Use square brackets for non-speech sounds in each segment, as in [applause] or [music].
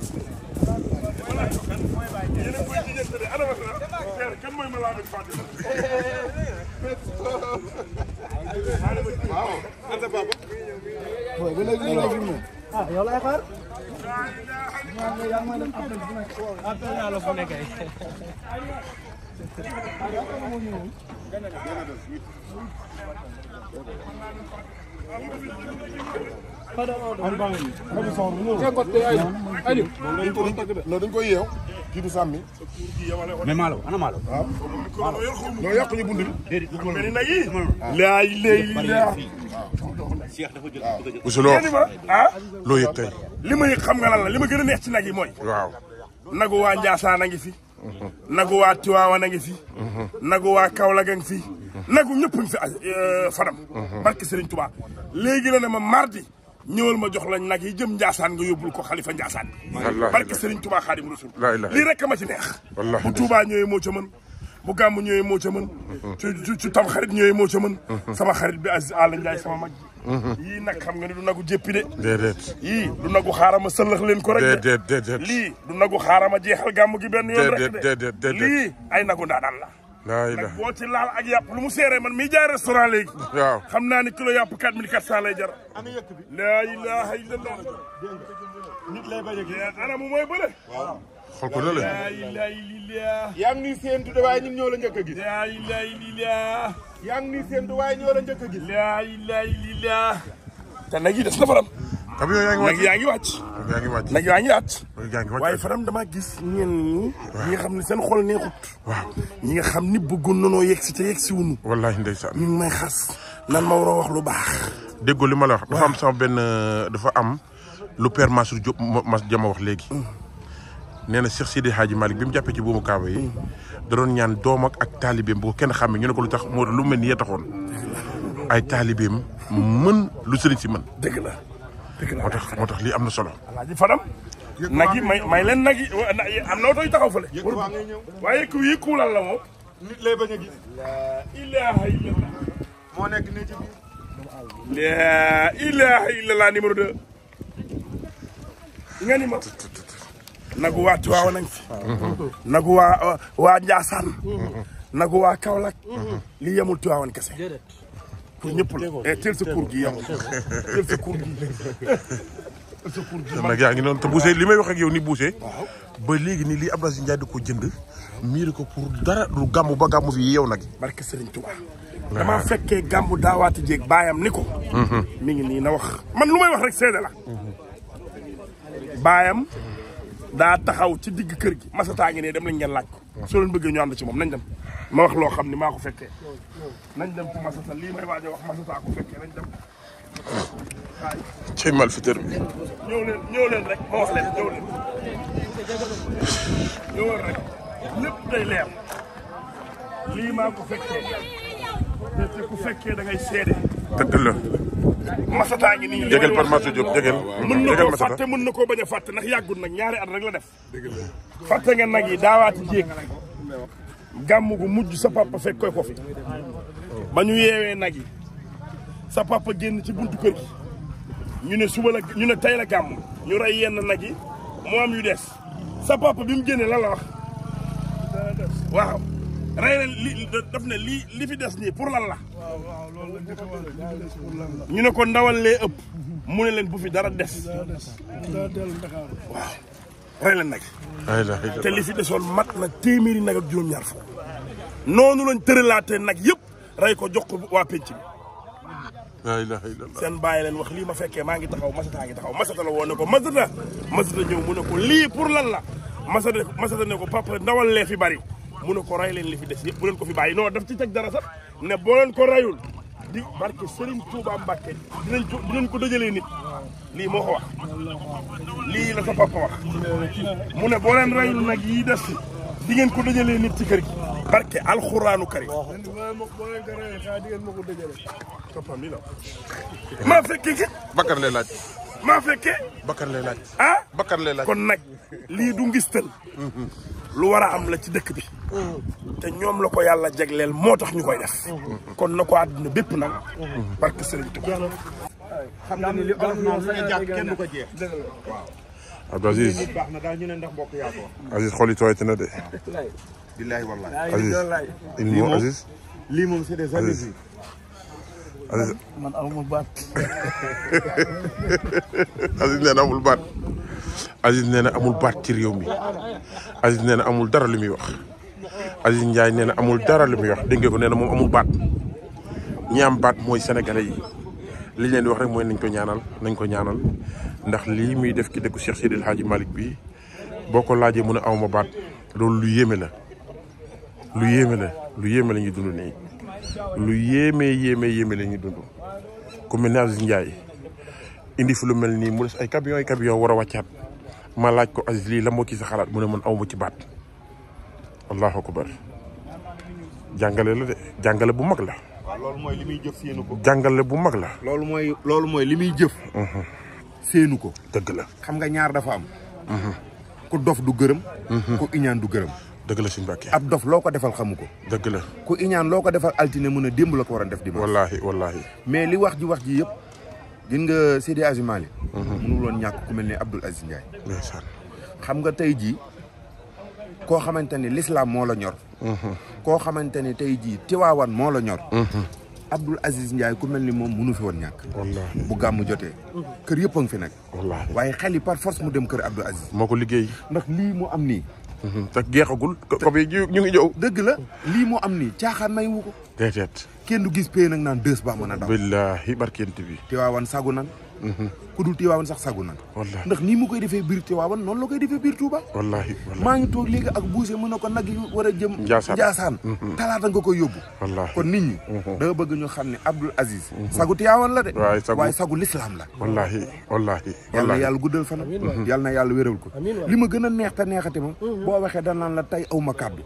ah yow lay xaar. yaa ngi may def appel bu nekk. appel naa la bu nekkee. non dañ koy yeew kii du sàmmi mais loo yëg li ma yëg xam nga lan li ma gën a ci nag yi mooy waaw nagu waa Ndiassane fi nagu waa Tiwaawan a ngi fi. nagu waa Kaolack a ngi fi. nagu ñëpp ngi fi e, Fadam. barke Serigne Touba léegi la ne ma mardi ñëwal ma jox lañ nag yi jëm Ndiassane nga yóbbul ko xalifa Ndiassane. wallaahi barke Serigne Touba Xaadimu Rasuul. lii rek ma ci neex. bu Touba ñëwee moo ca mën. bu gàmmu ñëwee moo ca mën. ci ci tam xarit ñëwee moo ca mën. sama xarit bi Aziz Alla Ndiaye sama mag. yii mm-hmm. nag xam nga ni du nagu jéppi de déedéet yii du nagu xaarama sëllax leen ko rek de déedéet lii du nagu xaarama jeexal gàmm gi benn yoon rek de lii ay nagu ndaanaan la laa ilaha boo ci laal ak yàpp lu mu seeree man mii jaay restaurant léegi waaw xam naa ni kilo yàpp quatre mille quatre cent lay jar ana yëkk bi laa ilaha illallah nit lay bañ a ana mu mooy bële waaw xool ko lële laa ilaha illallah yaa ngi nii seen tudde waaye ñun ñoo la njëkk a gis laa ilaha illallah yaa ngi nii seen du waaye ñoo la a gis. laa ilaaha illallaah. te nag yi na faram. camion yaa ngi wàcc nag yaa ngi wàcc. yaa waaye faram damaa gis ñenn ñi. ñi nga xam ne seen xol neexut. waaw ñi nga xam ni bëggoon nanoo yegg si te yegg si wuñu. wallaahi ndeysaan ñu ngi may xas. nan ma waroo wax lu baax. déggoo li ma la wax. dafa am sama benn dafa am lu père Massour ma ma wax léegi. Mm. nee na Cheikh xaaj Hadji Malick bi mu jàppee ci buumu Kaaba yi da doon ñaan doom ak ak taalibeem bu kenn xàmmee ñu ne ko lu tax moo lu mel ni yee taxoon ay taalibeem mën lu sëriñ si mën. dëgg moo tax moo tax lii am na solo. Fadam. nag yi may may le nag yi am na oto yu taxaw fële. waaye ku yi kuulal la moom. nit lay bañ a gis. ilaaha illallah. moo nekk nii ci biir. ilaaha illallah numéro 2. nga ni ma. nagu waa Tiwaawan nañ fi nagu waa uh, waa Njaasaan nagu waa Kaolack li yemul Tiwaawan kese pour ñëpp la eh, teel sa gi yemul teel sa gi sa nag yaa ngi noonu te Boucher li may wax yow ni Boucher ba léegi nii lii Abdou Aziz Ndiaye ko jënd miir ko pour dara du gàmmu ba gàmmu fi yeew nag barke Sëriñ Tuubaa damaa fekkee gàmmu daawaati jéeg baayam ni ko mhm. mi nii na wax man lu may wax rek seede la baayam daa taxaw ci digg kër gi masataa ngi ne dem lañ ngeen laaj ko soo bëggee ñu ànd ci moom nañ dem ma wax loo xam ni maa ku fekkee nañ dem ci masata lii may waaj wax leen rek ma wax leen ñëw leen ñëwoon rek lépp day leer lii maa ko fekkee te ku fekkee da ngay seede dëgg Masata ngi nii. jégal par Massa Diop jégal. mën na koo fàtte mën na koo bañ a fàtte ndax yàggul nag ñaari at rek la def. fàtte ngeen nag yi daawaati jéeg. gàmm gu mujj sa papa fekk koy ko fi. ba ñu yeewee nag yi. sa papa génn ci buntu kër gi. ñu ne suba la ñu ne tey la gàmm. ñu rey yenn nag yi. mu am yu des. sa papa bi mu génnee lan la wax. waaw. rey li daf ne li li fi des nii pour lan la. ñu ne ko ndawal lee ëpp. mu ne leen bu fi dara des. waaw rey leen nag. te li fi desoon mat na téeméeri nag ak juróom-ñaar foofu. noonu lañ tëralaatee nag yëpp rey ko jox ko waa penc bi. la ilaha seen bàyyi leen wax lii ma fekkee maa ngi taxaw masata ngi taxaw masata la woon ne ko masata masata ñëw mu ne ko lii pour lan la masata masata ne ko papa ndawal lee fi bari mu ne ko ray leen li fi des yëpp bu leen ko fi bàyyi non daf ci teg dara sax ne boo leen ko rayul di barke Serigne Touba Mbacke dinañ ko dinañ ko dëjalee nit lii moo ko wax lii la sa papa wax mu ne boo leen rayul nag yii des di ngeen ko dëjalee nit ci kër gi barke alxuraanu kari papa mi la maa fekkee ki Bakar lay laaj maa fekkee Bakar lay laaj ah Bakar lay laaj kon nag lii du ngistal lu war a am la ci dëkk bi te ñoom la ko yàlla jegleel moo tax ñu koy def. kon na ko àdduna bépp nag. barke Sëriñ xam Aziz na daal ñu ko. Aziz xool yi tooyati na de. Aziz lii moom Aziz. lii moom c'est [laughs] amul baat. Aziz nee amul baat. Aziz nee ci réew mi. Aziz nee amul dara lu muy wax. Aziz njaay nee na amul dara lu muy wax dégg nga ko nee na moom amul baat ñi baat mooy sénégalais yi li ñu leen di wax rek mooy nañ ko ñaanal nañ ko ñaanal ndax lii muy def ki dëkku Cheikh Seydi El Hadji bi boo ko laajee mu ne awma baat loolu lu yéeme la lu yéeme la lu yéeme la dund nii lu yéeme yéeme yéeme la ñuy dund ku mel ne Aziz Ndiaye indi fi lu mel nii mu des ay camion ay camion war a wàccaat ma laaj ko Aziz lii la moo ci sa xalaat mu ne man awma ci baat allah akbar jangale la de jangale bu mag la. waaw loolu mooy jëf séenu ko. jàngale bu mag la. lolou moy lolou moy li muy jëf. Mhm. seenu ko. deug la xam nga ñaar dafa am. Mhm. ku dof du gërëm. Mhm. ku iñaan du gërëm. dëgg la seigne Mbàkke ab dof loko defal xamuko deug la ku iñaan loko defal altiné mëna demb la ko war def dimanche. wallahi wallahi mais li wax ji wax ji yépp gis nga Seydi azimali Malick. mënul woon ku melni Abdoul Aziz Ndiaye. ndeysaan xam nga tay ji koo xamante ni l'islam moo la ñor. koo xamante ni tey jii Tiwaawan moo la ñor. Abdoul Aziz Ndiaye ku mel ni moom mënu fi woon ñàkk. wallaahi bu gàmm jotee. kër yëpp a ngi fi nekk waaye xel yi par force mu dem kër Abdoul Aziz. moo ko liggéey. ndax lii mu am ni mhm. te geexagul. comme ñu ngi ñëw. dëgg la lii mu am ni caaxaan may wu ko. kenn du gis pay nag naan dës ba mën a daw. billaahi barkent bi. Tiwaawan sagu nan. Mm-hmm. ku dul Tiwaawan sax sagu na ndax nii mu koy defee biir Tiwaawan noonu la koy defee biir Touba wallaahi maa ngi toog léegi ak buuse mu ne ko nag yi war a jëm Njaasaan mm-hmm. talaata nga koy yóbbu kon nit ñi mm-hmm. da nga bëgg ñu xam ne Abdoul Aziz sagu Tiwaawan la de waaye sagu lislaam la wallaahi wallaahi yal na yàlla guddal fanam yal na yàlla wéral ko li ma gën a neex te neexati ma boo waxee da naan la tey aw ma kàddu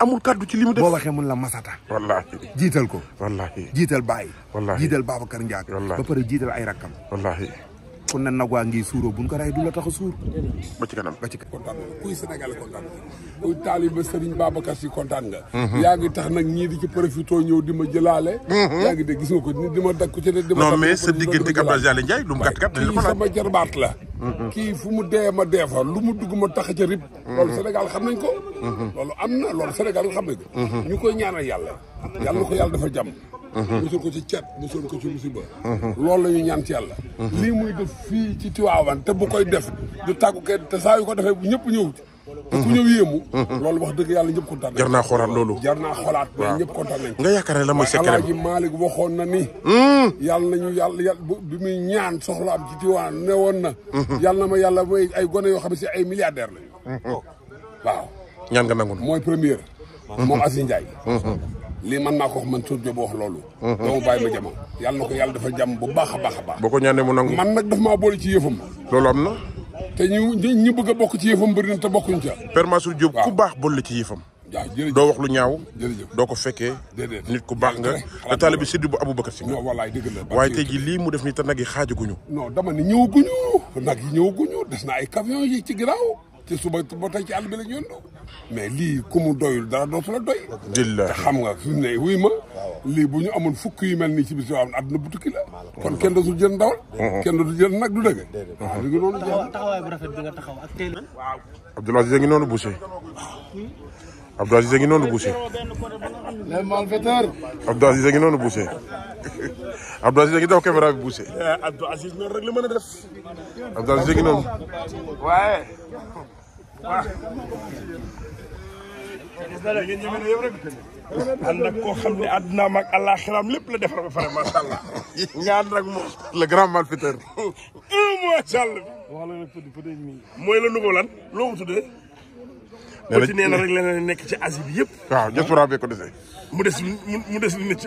amul kàddu ci li mu def boo waxee mun la masata wallaahi jiital ko wallaahi jiital Baye jiital Babacar Ndiaye ba pare jiital ay rakkam wallaahi. kon nag nag waa ngi suuroo bu ñu ko rey du la tax a suur. ba ci kanam ba ci kanam. kontaan nga kuy Sénégal kontaan kontaan nga. Mhm. yaa ngi tax nag ñii di ci profité ñëw di ma jëlaale. Mhm. yaa ngi de gis nga ko ni di ma dag ku ci ne. di ma non mais sa diggante ak Abdoulaye Diallo la mhm. ko mu dee ma dee fa lu mu dugg ma tax ca rib. loolu Sénégal xam nañ ko. loolu am na loolu Sénégal xam nañ ko. ñu koy ñaanal yàlla. yàlla ko yàlla dafa jam musal ko ci cet musal ko ci la ñu ñaan ci yàlla lii muy def fii ci Tiwaawan te bu koy def du tàggu kenn te saa yu ko defee bu ñëpp ñëw te ku ñëw yéemu loolu wax dëgg yàlla ñëpp kontaan jar naa xoolaat loolu jar naa xoolaat mais ñëpp kontaan nañ nga yaakaar ne la mooy secret Alaaji Maalik waxoon na ni yàlla nañu yàlla yàlla bi muy ñaan soxla am ci Tiwaawan ne woon na yàlla na ma yàlla may ay gone yoo xam ne si ay milliardaire lañu waaw ñaan nga nangu mooy première moom Asin lii man naa ko wax man tur bi wax loolu. Mhm. doomu bàyyi ma jama yàlla na ko yàlla dafa jàmm bu baax baax a baax. boo ko ñaanee mu nangu. man nag daf maa boole ci yëfam. loolu am na. te ñu ñu a bokk ci yëfam bëri na bokkuñ ca. Père Mansour Diop ku baax boole ci yëfam. waaw doo wax lu ñaaw. jërëjëf doo ko fekkee. nit ku baax nga. te bi Sidi bu Aboubacar Si nga. wallaay dëgg la waaye tey jii lii mu def nii te nag yi xaajaguñu. non dama ne ñëwaguñu. nag yi ñëwaguñu des na ay camion yi ci ginnaaw te suba ba tey ci àll bi la ñu mais lii ku mu doyul dara dootu la doy te xam nga fi mu ne wuy ma lii bu ñu amoon fukk yu mel nii ci bis yoo xam ne adduna bu tukki la kon kenn dootul jël ndawal kenn dootul jël nag du dëgg waaw li ngi noonu taxawaay bu rafet bi nga taxaw ak teel waaw Abdoul Aziz a ngi noonu Boucher Abdoul Aziz a ngi noonu Boucher les malfaiteurs Abdoul Aziz a ngi noonu Boucher Abdoul Aziz a ngi daw caméra bi Boucher Abdoul Aziz noonu rek la mën a def Abdoul Aziz a ngi noonu waaye waaw. a ñeme na koo xam ne àddunaam ak àllaaxiraam lépp la defar ba pare macha allah. ñaan rek moom. grand malfaiteur. la nag fëte fëte mi. mooy la nouveau lan loo ko tuddee. nee na rek la nekk ci Asie bi yëpp. waaw diaspora bi ko dese. mu des mu des ci.